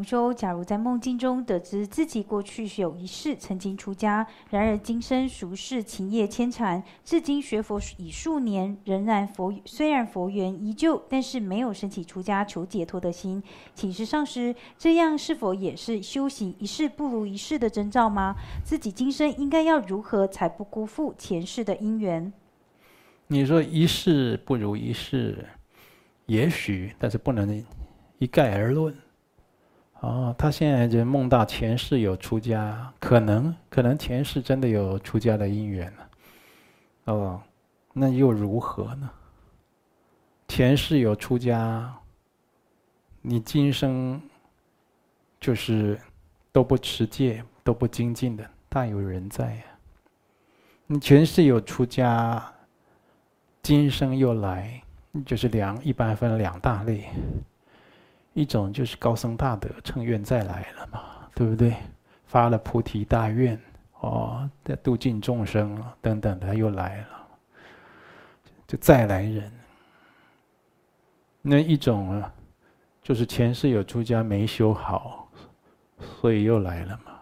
同修，假如在夢境中得知自己過去有一世曾經出家，然而今生俗事情業牽纏，至今學佛已數年，仍然佛，雖然佛緣依舊，但是沒有生起出家求解脫的心，請示上師，這樣是否也是修行一世不如一世的徵兆嗎？自己今生應該要如何才不辜負前世的因緣？你說一世不如一世，也許，但是不能一概而論。哦，oh, 他現在就夢到前世有出家，可能可能前世真的有出家的因緣了。哦、oh,，那又如何呢？前世有出家，你今生就是都不持戒、都不精進的，大有人在呀、啊。你前世有出家，今生又來，就是兩，一般分兩大類。一種就是高僧大德乘願再來了嘛，對不對？發了菩提大願，哦，度盡眾生等等，他又來了，就，就再來人。那一種啊，就是前世有出家沒修好，所以又來了嘛，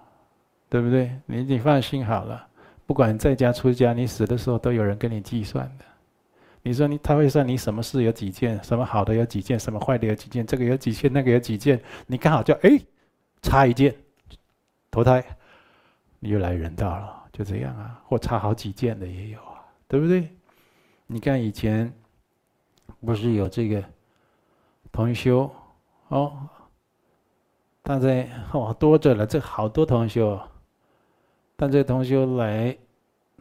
對不對？你你放心好了，不管在家出家，你死的時候都有人跟你計算的。你說你，他會算你什麼事有幾件，什麼好的有幾件，什麼壞的有幾件，這個有幾件，那個有幾件，你剛好就，哎，差一件，投胎，你又來人道了，就這樣啊，或差好幾件的也有啊，對不對？你看以前，不是有這個同修哦，大家好多着了，這好多同修，但這同修來，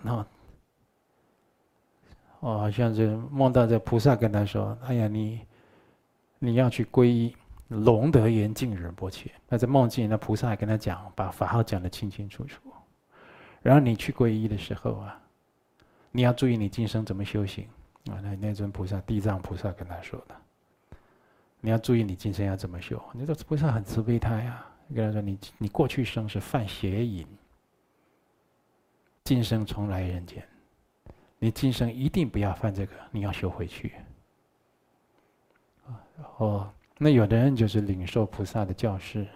啊、哦。哦，好像是夢到這菩薩跟他說：“哎呀，你，你要去皈依龍德嚴淨仁波切。”那在夢境，那菩薩也跟他講，把法號講得清清楚楚。然後你去皈依的時候啊，你要注意你今生怎麼修行啊。那那尊菩薩，地藏菩薩跟他說的，你要注意你今生要怎麼修。你說菩薩很慈悲他呀，跟他說：“你你過去生是犯邪淫，今生重來人間。”你今生一定不要犯這個，你要修回去。然後，那有的人就是領受菩薩的教示，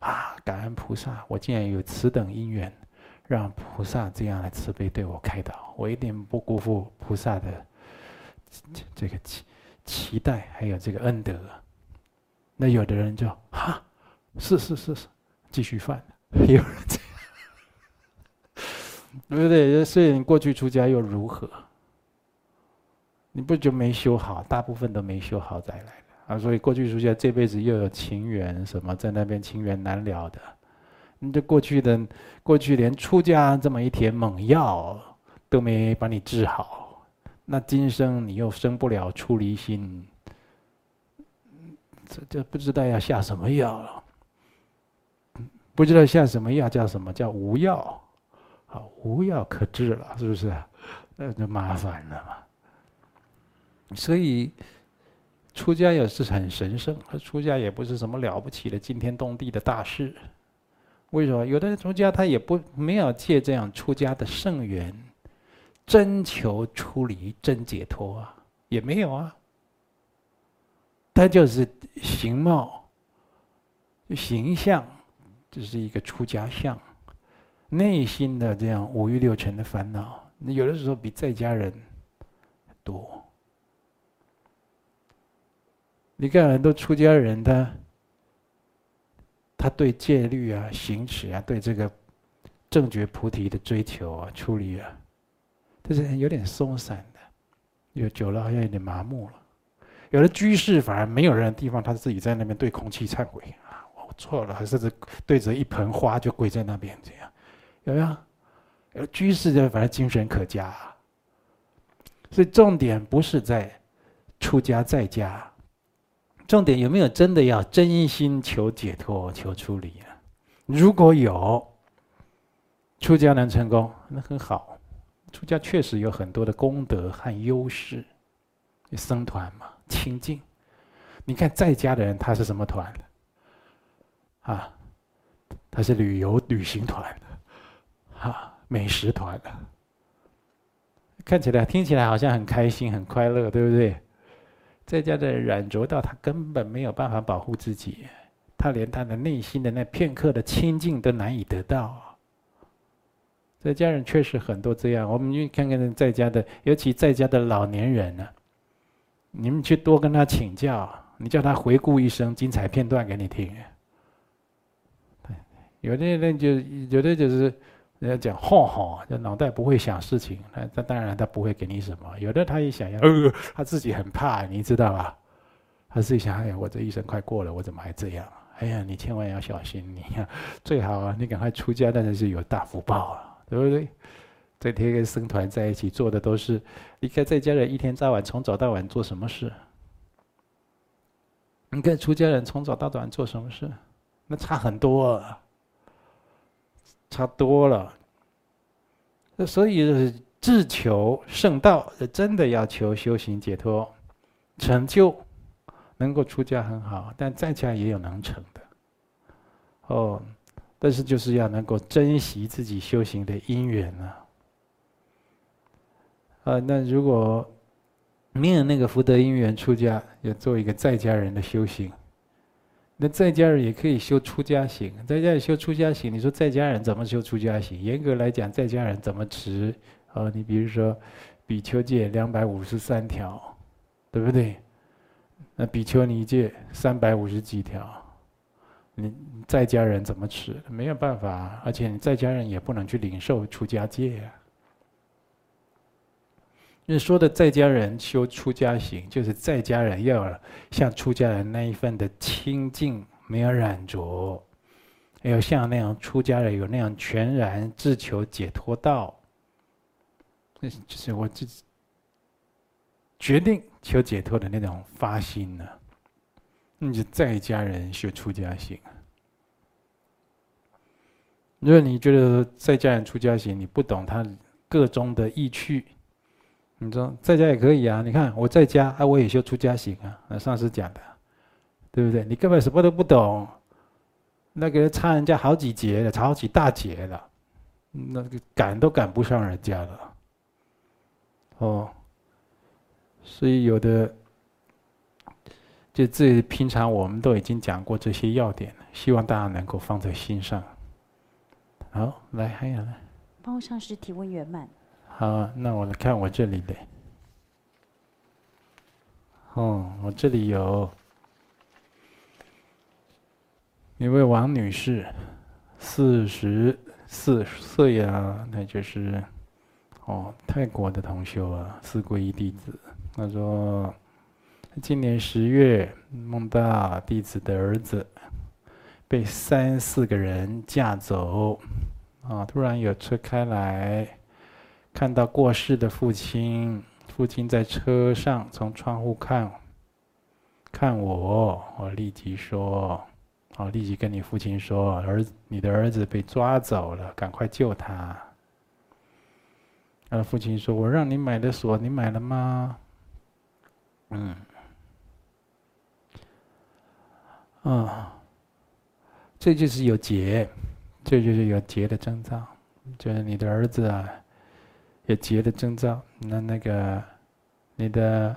啊，感恩菩薩，我竟然有此等因緣，讓菩薩這樣的慈悲對我開導，我一定不辜負菩薩的這個期期待，還有這個恩德。那有的人就哈、啊，是是是是，繼續犯。 對不對？所以你過去出家又如何？你不就沒修好？大部分都沒修好，再來了啊！所以過去出家這輩子又有情緣什麼，在那邊情緣難了的。你這過去的，過去連出家這麼一帖猛藥都沒把你治好，那今生你又生不了出離心，這這不知道要下什麼藥了，不知道下什麼藥叫什麼叫無藥。無藥可治了，是不是？那就麻煩了嘛。所以出家也是很神聖，出家也不是什麼了不起的驚天動地的大事。為什麼？有的人出家他也不沒有借這樣出家的聖緣，真求出離真解脫啊，也沒有啊。他就是形貌、形象，只是一個出家相。內心的這樣五欲六塵的煩惱，你有的時候比在家人多。你看很多出家人，他他對戒律啊、行持啊、對這個正覺菩提的追求啊、處理啊，都是有點鬆散的，有久了好像有點麻木了。有的居士反而沒有人的地方，他自己在那邊對空氣懺悔啊，我錯了，還是對着一盆花就跪在那邊這樣。有沒有？有居士就反正精神可嘉、啊，所以重點不是在出家在家，重點有沒有真的要真心求解脫、求出離啊？如果有，出家能成功，那很好。出家確實有很多的功德和優勢，僧團嘛，清淨。你看在家的人，他是什麼團啊，他是旅遊旅行團的啊，美食團、啊，看起來、聽起來好像很開心、很快樂，對不對？在家的人染著到，他根本沒有辦法保護自己，他連他的內心的那片刻的清淨都難以得到。在家人確實很多這樣，我們去看看在家的，尤其在家的老年人呢、啊，你們去多跟他請教，你叫他回顧一生精彩片段給你聽。對，有的人就有的就是。人家講，吼吼，這腦袋不會想事情，那那當然他不會給你什麼。有的他也想要，呃，他自己很怕，你知道吧？他自己想，哎呀，我這一生快過了，我怎麼還這樣？哎呀，你千萬要小心，你最好啊，你趕快出家，當然是有大福報啊，對不對？這天跟僧團在一起做的都是，你看在家人一天到晚從早到晚做什麼事？你看出家人從早到晚做什麼事？那差很多啊。差多了，那所以就是自求聖道，真的要求修行解脫、成就，能夠出家很好，但在家也有能成的哦。但是就是要能夠珍惜自己修行的因緣啊。啊，那如果沒有那個福德因緣出家，要做一個在家人的修行。那在家人也可以修出家行，在家裡修出家行。你說在家人怎麼修出家行？嚴格來講，在家人怎麼持？啊，你比如說，比丘戒兩百五十三條，對不對？那比丘尼戒三百五十幾條，你在家人怎麼持？沒有辦法，而且你在家人也不能去領受出家戒呀。你說的在家人修出家行，就是在家人要像出家人那一份的清淨，沒有染着，要像那樣出家人有那樣全然自求解脫道，那就是我自己決定求解脫的那種發心呢。你就在家人修出家行。如果你覺得在家人出家行，你不懂他個中的意趣。你說在家也可以啊！你看我在家，啊我也修出家行啊！那上次講的，對不對？你根本什麼都不懂，那個差人家好幾截的，差好幾大截的，那個趕都趕不上人家了。哦，所以有的就這平常我們都已經講過這些要點了，希望大家能夠放在心上。好，來還有呢。幫我上師提問圓滿。好，那我來看我這裡的。哦、嗯，我這裡有一位王女士，四十四歲啊，那就是哦泰國的同修啊，四皈依弟子。他說，今年十月夢到弟子的兒子被三四個人架走，啊、哦，突然有車開來。看到過世的父親，父親在車上從窗戶看，看我，我立即說：“我立即跟你父親說，兒你的兒子被抓走了，趕快救他。”那父親說：“我讓你買的鎖，你買了嗎？”嗯，啊、哦，這就是有劫，這就是有劫的徵兆，就是你的兒子啊。也結的徵兆，那那個你的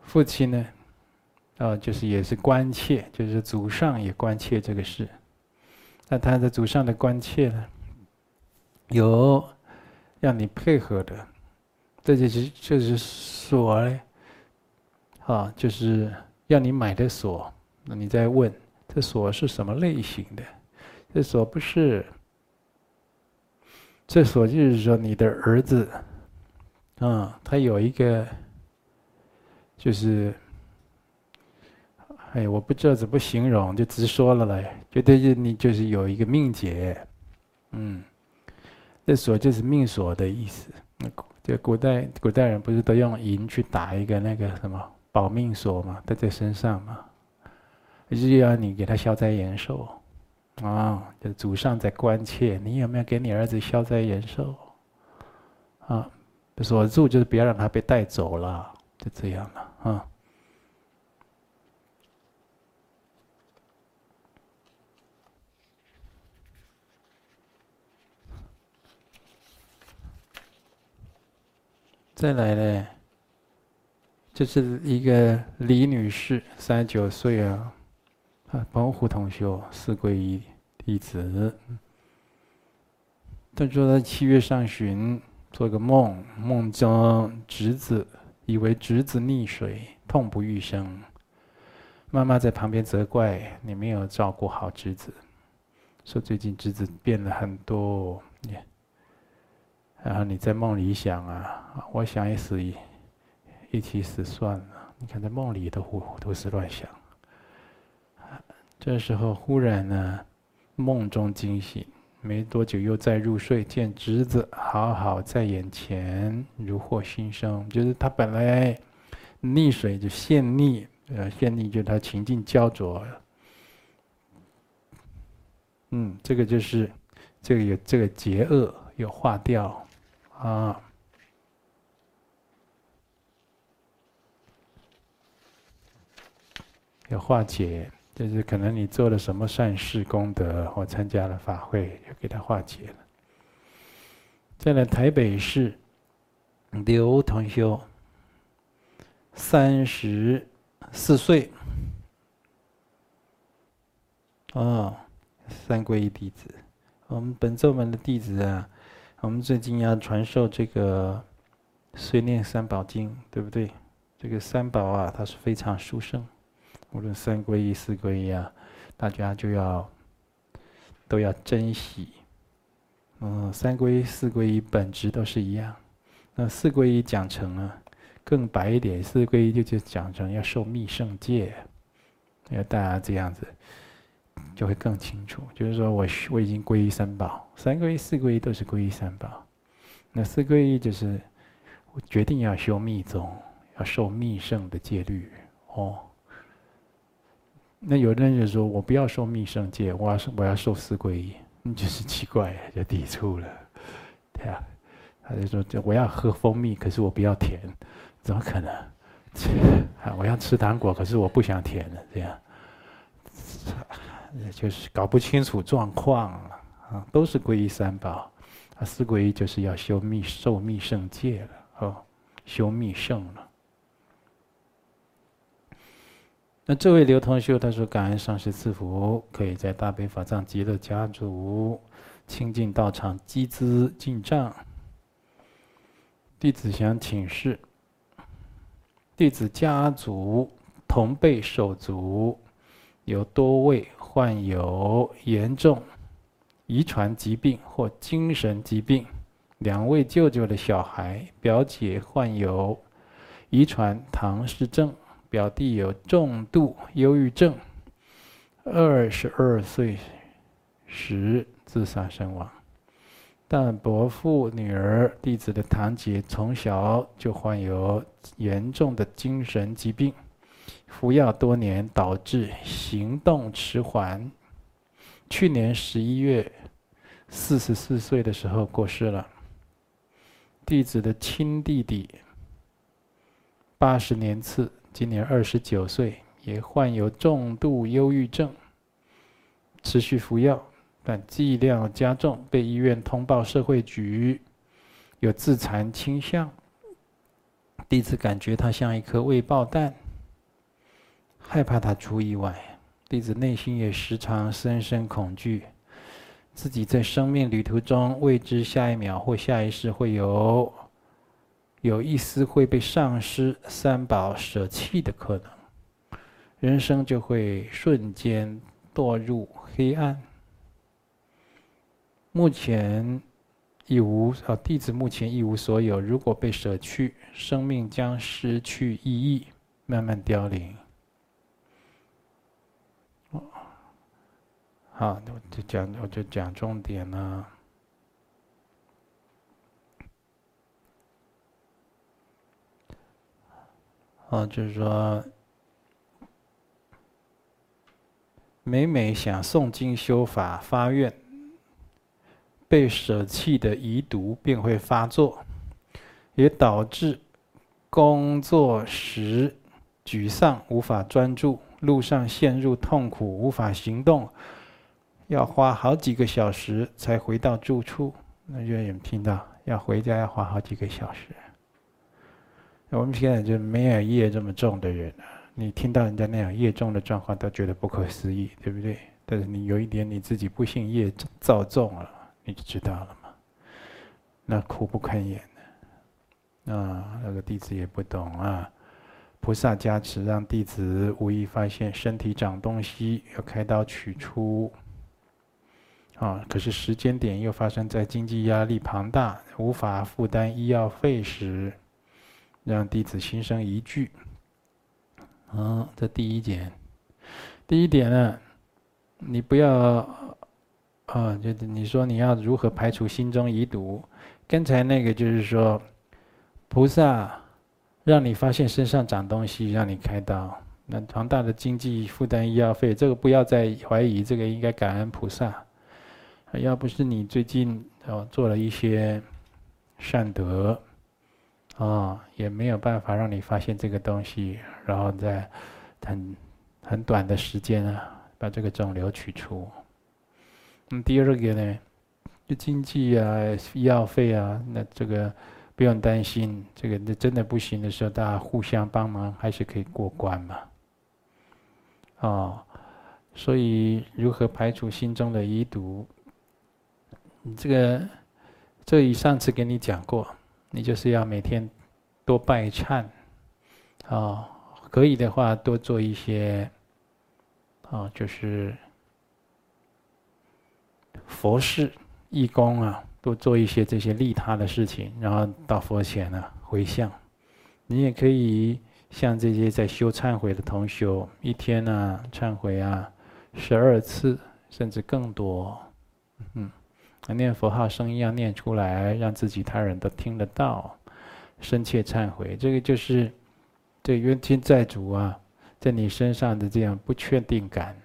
父親呢？啊、哦，就是也是關切，就是祖上也關切這個事。那他的祖上的關切呢？有讓你配合的，這就是就是鎖嘞。啊、哦，就是要你買的鎖。那你再問這鎖是什麼類型的？這鎖不是。這鎖就是說，你的兒子，啊，他有一個，就是，哎，我不知道怎麼形容，就直說了嘞。覺得你就是有一個命劫，嗯，這鎖就是命鎖的意思。那古就古代，古代人不是都用銀去打一個那個什麼保命鎖嘛，戴在身上嘛，就是要你給他消災延壽。啊，就祖上在關切你有沒有給你兒子消災延壽，啊，鎖，住就是不要讓他被帶走了，就這樣了啊。再來呢，就是一個李女士，三十九歲啊。啊，包虎同修，四皈依弟子。他、嗯、說他七月上旬做個夢，夢中侄子，以為侄子溺水，痛不欲生。媽媽在旁邊責怪你沒有照顧好侄子，說最近侄子變了很多。然後、啊、你在夢裡想啊，我想一死一一起死算了。你看在夢裡都胡胡思亂想。這時候忽然呢，夢中驚醒，沒多久又再入睡，見侄子好好在眼前，如獲新生。就是他本來溺水就陷溺，呃，陷溺就他情境焦灼。嗯，這個就是這個有這個劫厄要化掉啊，要化解。就是可能你做了什麼善事功德，或參加了法會，就給他化解了。再來，台北市劉同修，三十四歲，哦，三皈依弟子。我們本座門的弟子啊，我們最近要傳授這個《隨念三寶經》，對不對？這個三寶啊，它是非常殊勝。無論三皈依、四皈依啊，大家就要都要珍惜。嗯，三皈依、四皈依本質都是一樣。那四皈依講成呢，更白一點，四皈依就就講成要受密乘戒，要大家這樣子就會更清楚。就是說我我已經皈依三寶，三皈依、四皈依都是皈依三寶。那四皈依就是我決定要修密宗，要受密乘的戒律哦。那有的人就說我不要受密乘戒，我要我要受四皈依，你就是奇怪，就抵觸了，對呀、啊，他就說，就我要喝蜂蜜，可是我不要甜，怎麼可能？啊，我要吃糖果，可是我不想甜了，這樣、啊，就是搞不清楚狀況了啊，都是皈依三寶，啊，四皈依就是要修密，受密乘戒了，哦，修密乘了。那這位劉同修他說，感恩上師賜福，可以在大悲法藏極樂家族清淨道場積資淨障。弟子想請示，弟子家族同輩手足有多位患有嚴重遺傳疾病或精神疾病，兩位舅舅的小孩表姐患有遺傳唐氏症。表弟有重度憂鬱症，二十二歲時自殺身亡。但伯父女兒弟子的堂姐從小就患有嚴重的精神疾病，服藥多年導致行動遲緩，去年十一月四十四歲的時候過世了。弟子的親弟弟八十年次。今年二十九歲，也患有重度憂鬱症，持續服藥，但劑量加重，被醫院通報社會局，有自殘傾向。弟子感覺他像一顆未爆彈，害怕他出意外。弟子內心也時常深深恐懼，自己在生命旅途中未知下一秒或下一世會有。有一絲會被上師三寶捨棄的可能，人生就會瞬間墮入黑暗。目前一無，啊，弟子目前一無所有，如果被捨去，生命將失去意義，慢慢凋零。好，我就講我就講重點了。哦、啊，就是說，每每想誦經修法發願，被捨棄的遺毒便會發作，也導致工作時沮喪無法專注，路上陷入痛苦無法行動，要花好幾個小時才回到住處。那願意聽到，要回家要花好幾個小時。我們現在就沒有業這麼重的人了。你聽到人家那樣業重的狀況，都覺得不可思議，對不對？但是你有一點你自己不幸業造重了，你就知道了嘛。那苦不堪言啊、哦，那個弟子也不懂啊。菩薩加持讓弟子無意發現身體長東西要開刀取出，啊、哦，可是時間點又發生在經濟壓力龐大無法負擔醫藥費時。讓弟子心生疑懼，嗯、哦，這第一點，第一點呢，你不要，啊、哦，就是你說你要如何排除心中疑毒？剛才那個就是說，菩薩讓你發現身上長東西，讓你開刀，那龐大的經濟負擔、醫藥費，這個不要再懷疑，這個應該感恩菩薩。要不是你最近哦做了一些善德。啊、哦，也沒有辦法讓你發現這個東西，然後在很很短的時間啊，把這個腫瘤取出。那、嗯、麼第二個呢，就經濟啊、醫藥費啊，那這個不用擔心，這個那真的不行的時候，大家互相幫忙還是可以過關嘛。啊、哦，所以如何排除心中的疑毒？這個，這以上次跟你講過。你就是要每天多拜懺，啊、哦，可以的話多做一些，啊、哦，就是佛事、義工啊，多做一些這些利他的事情，然後到佛前呢、啊、迴向。你也可以像這些在修懺悔的同修，一天呢、啊、懺悔啊十二次，甚至更多，嗯。念佛號聲音要念出來，讓自己、他人都聽得到，深切懺悔。這個就是對冤親債主啊，在你身上的這樣不確定感，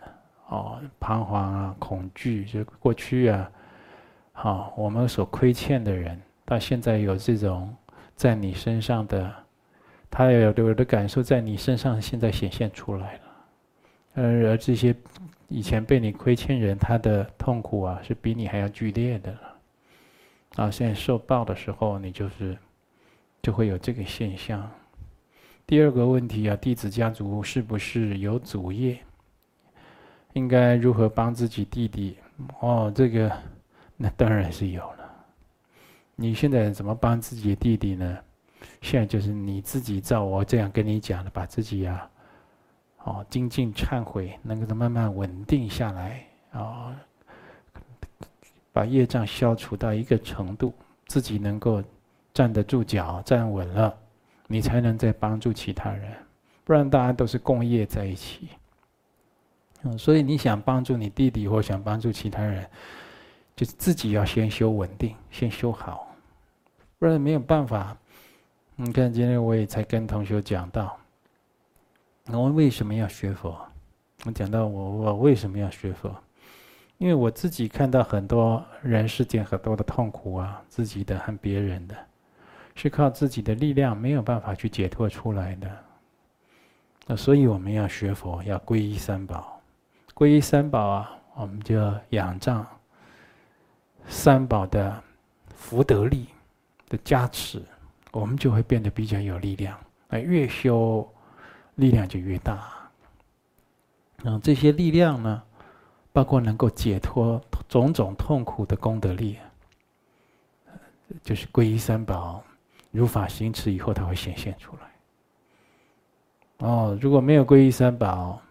哦，彷徨啊，恐懼，就過去啊，好，我們所虧欠的人，到現在有這種在你身上的，他有的感受在你身上現在顯現出來了，而這些。以前被你虧欠人，他的痛苦啊是比你還要劇烈的了。啊，現在受報的時候，你就是就會有這個現象。第二個問題啊，弟子家族是不是有祖業？應該如何幫自己弟弟？哦，這個那當然是有了。你現在怎麼幫自己弟弟呢？現在就是你自己照我這樣跟你講了，把自己啊。哦，精進懺悔，能夠慢慢穩定下來啊、哦，把業障消除到一個程度，自己能夠站得住腳、站穩了，你才能再幫助其他人，不然大家都是共業在一起。嗯、哦，所以你想幫助你弟弟，或想幫助其他人，就是自己要先修穩定，先修好，不然沒有辦法。你看，今天我也才跟同學講到。我們為什麼要學佛？我講到我，我為什麼要學佛？因為我自己看到很多人世間很多的痛苦啊，自己的和別人的，是靠自己的力量沒有辦法去解脫出來的。那所以我們要學佛，要皈依三寶。皈依三寶啊，我們就仰仗三寶的福德力的加持，我們就會變得比較有力量。那越修力量就越大。嗯，這些力量呢，包括能夠解脫種種痛苦的功德力，就是皈依三寶、如法行持以後，它會顯現出來。哦，如果沒有皈依三寶，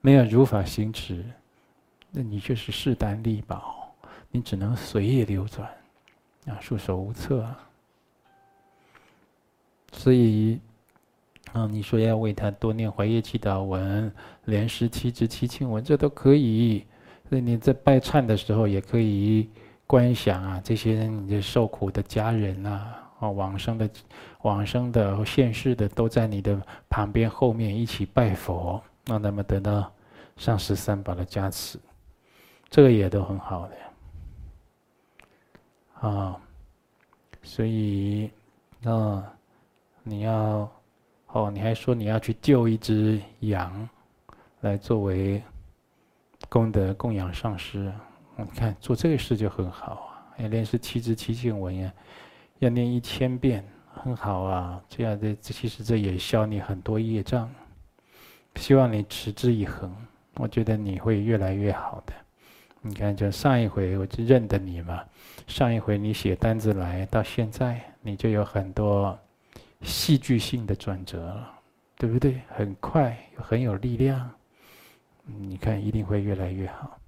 沒有如法行持，那你就是勢單力薄，你只能隨業流轉，啊，束手無策。所以。嗯，你說要為他多念《懷業祈禱文》、《蓮師七支祈請文》，這都可以。那你在拜懺的時候也可以觀想啊，這些你的受苦的家人吶、啊，啊、哦，往生的、往生的、現世的，都在你的旁邊後面一起拜佛，讓他們得到上師三寶的加持，這個也都很好的。啊、嗯，所以，嗯，你要。哦，oh, 你還說你要去救一隻羊，來作為功德供養上師。你看做這個事就很好啊。要、哎、念是七支祈請文呀、啊，要念一千遍，很好啊。這樣的其實這也消你很多業障。希望你持之以恆，我覺得你會越來越好的。你看，就上一回我就認得你嘛，上一回你寫單子來到現在，你就有很多戲劇性的轉折了，對不對？很快，很有力量。你看，一定會越來越好。